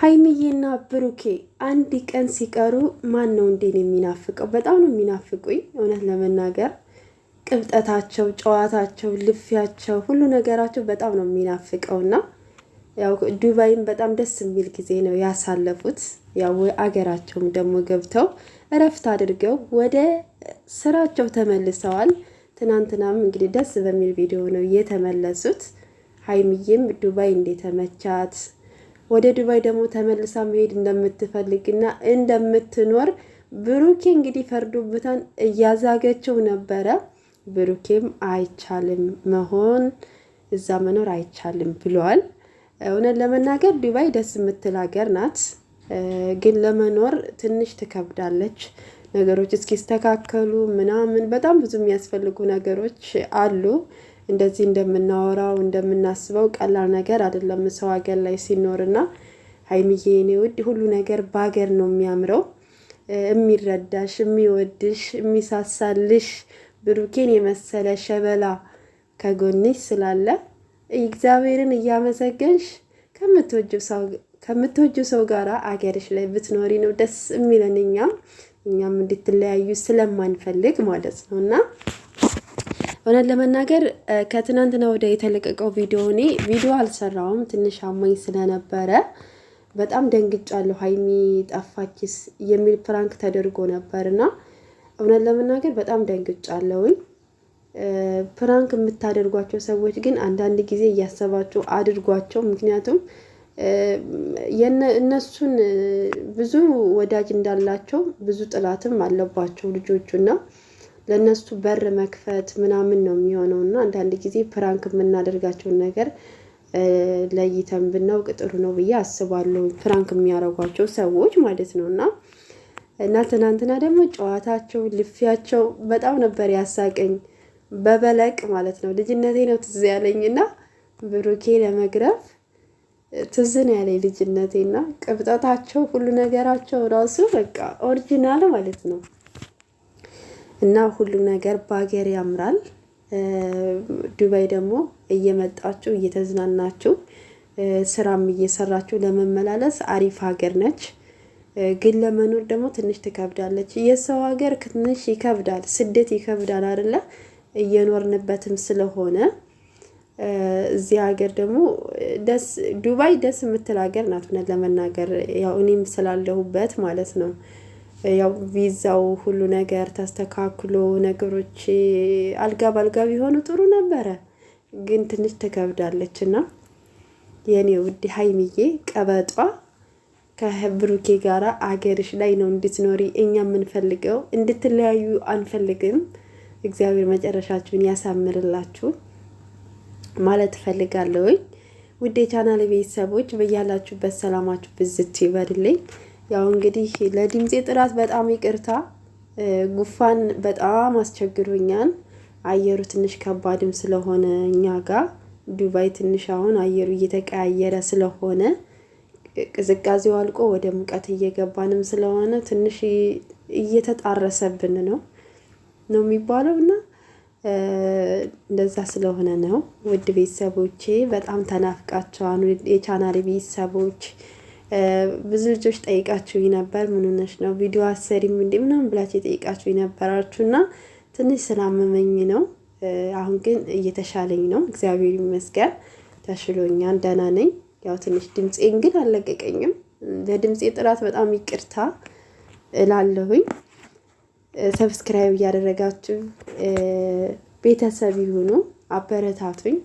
ሀይሚዬና ብሩኬ አንድ ቀን ሲቀሩ ማን ነው እንዴን የሚናፍቀው? በጣም ነው የሚናፍቁኝ እውነት ለመናገር ቅብጠታቸው፣ ጨዋታቸው፣ ልፊያቸው፣ ሁሉ ነገራቸው በጣም ነው የሚናፍቀው እና ያው ዱባይም በጣም ደስ የሚል ጊዜ ነው ያሳለፉት። ያው አገራቸውም ደግሞ ገብተው እረፍት አድርገው ወደ ስራቸው ተመልሰዋል። ትናንትናም እንግዲህ ደስ በሚል ቪዲዮ ነው የተመለሱት። ሀይሚዬም ዱባይ እንደተመቻት ወደ ዱባይ ደግሞ ተመልሳ መሄድ እንደምትፈልግና እንደምትኖር ብሩኬ እንግዲህ ፈርዶበታን እያዛገችው ነበረ። ብሩኬም አይቻልም መሆን እዛ መኖር አይቻልም ብሏል። እውነት ለመናገር ዱባይ ደስ የምትል ሀገር ናት፣ ግን ለመኖር ትንሽ ትከብዳለች። ነገሮች እስኪስተካከሉ ምናምን በጣም ብዙ የሚያስፈልጉ ነገሮች አሉ። እንደዚህ እንደምናወራው እንደምናስበው ቀላል ነገር አይደለም። ሰው ሀገር ላይ ሲኖርና ሀይሚዬ የኔ ውድ ሁሉ ነገር በሀገር ነው የሚያምረው። የሚረዳሽ፣ የሚወድሽ፣ የሚሳሳልሽ ብሩኬን የመሰለ ሸበላ ከጎንሽ ስላለ እግዚአብሔርን እያመሰገንሽ ከምትወጁ ሰው ጋር አገርሽ ላይ ብትኖሪ ነው ደስ የሚለን እኛም እኛም እንድትለያዩ ስለማንፈልግ ማለት ነው እና እውነት ለመናገር ከትናንትና ወደ የተለቀቀው ቪዲዮ እኔ ቪዲዮ አልሰራውም ትንሽ አማኝ ስለነበረ በጣም ደንግጫለሁ። ሀይሚ ጠፋችስ የሚል ፕራንክ ተደርጎ ነበርና እውነት ለመናገር በጣም ደንግጫለሁኝ። ፕራንክ የምታደርጓቸው ሰዎች ግን አንዳንድ ጊዜ እያሰባችሁ አድርጓቸው። ምክንያቱም እነሱን ብዙ ወዳጅ እንዳላቸው ብዙ ጥላትም አለባቸው ልጆቹና ለእነሱ በር መክፈት ምናምን ነው የሚሆነው እና አንዳንድ ጊዜ ፕራንክ የምናደርጋቸውን ነገር ለይተን ብናውቅ ጥሩ ነው ብዬ አስባለሁ። ፕራንክ የሚያረጓቸው ሰዎች ማለት ነው እና እና ትናንትና ደግሞ ጨዋታቸው፣ ልፊያቸው በጣም ነበር ያሳቀኝ። በበለቅ ማለት ነው ልጅነቴ ነው ትዝ ያለኝ እና ብሩኬ ለመግረፍ ትዝ ነው ያለኝ ልጅነቴና ቅብጠታቸው፣ ሁሉ ነገራቸው ራሱ በቃ ኦሪጂናል ማለት ነው። እና ሁሉም ነገር በሀገር ያምራል። ዱባይ ደግሞ እየመጣችሁ እየተዝናናችሁ ስራም እየሰራችሁ ለመመላለስ አሪፍ ሀገር ነች። ግን ለመኖር ደግሞ ትንሽ ትከብዳለች። የሰው ሀገር ትንሽ ይከብዳል፣ ስደት ይከብዳል አይደለ? እየኖርንበትም ስለሆነ እዚህ ሀገር ደግሞ ደስ ዱባይ ደስ የምትል ሀገር ናት፣ ለመናገር ያው እኔም ስላለሁበት ማለት ነው። ያው ቪዛው ሁሉ ነገር ተስተካክሎ ነገሮች አልጋ ባልጋ ቢሆኑ ጥሩ ነበረ፣ ግን ትንሽ ትከብዳለች እና የእኔ ውድ ሀይሚዬ ቀበጧ ከብሩኬ ጋር አገርሽ ላይ ነው እንድትኖሪ እኛ የምንፈልገው፣ እንድትለያዩ አንፈልግም። እግዚአብሔር መጨረሻችሁን ያሳምርላችሁ ማለት እፈልጋለሁኝ። ውዴ የቻናል ቤተሰቦች በያላችሁበት ሰላማችሁ ብዝት ይበርልኝ። ያው እንግዲህ ለድምፄ ጥራት በጣም ይቅርታ። ጉፋን በጣም አስቸግሮኛል። አየሩ ትንሽ ከባድም ስለሆነ እኛ ጋር ዱባይ ትንሽ አሁን አየሩ እየተቀያየረ ስለሆነ ቅዝቃዜው አልቆ ወደ ሙቀት እየገባንም ስለሆነ ትንሽ እየተጣረሰብን ነው ነው የሚባለው እና እንደዛ ስለሆነ ነው። ውድ ቤተሰቦቼ በጣም ተናፍቃቸዋል። የቻናል ቤተሰቦች ብዙ ልጆች ጠይቃችሁኝ ነበር። ምንነሽ ነው ቪዲዮ አሰሪም እንዲ ምናምን ብላችሁ የጠይቃችሁ እና ትንሽ ስላመመኝ ነው። አሁን ግን እየተሻለኝ ነው፣ እግዚአብሔር ይመስገን ተሽሎኛል፣ ደህና ነኝ። ያው ትንሽ ድምፄን ግን አልለቀቀኝም። ለድምፄ ጥራት በጣም ይቅርታ እላለሁኝ። ሰብስክራይብ እያደረጋችሁ ቤተሰብ ይሁኑ፣ አበረታቱኝ።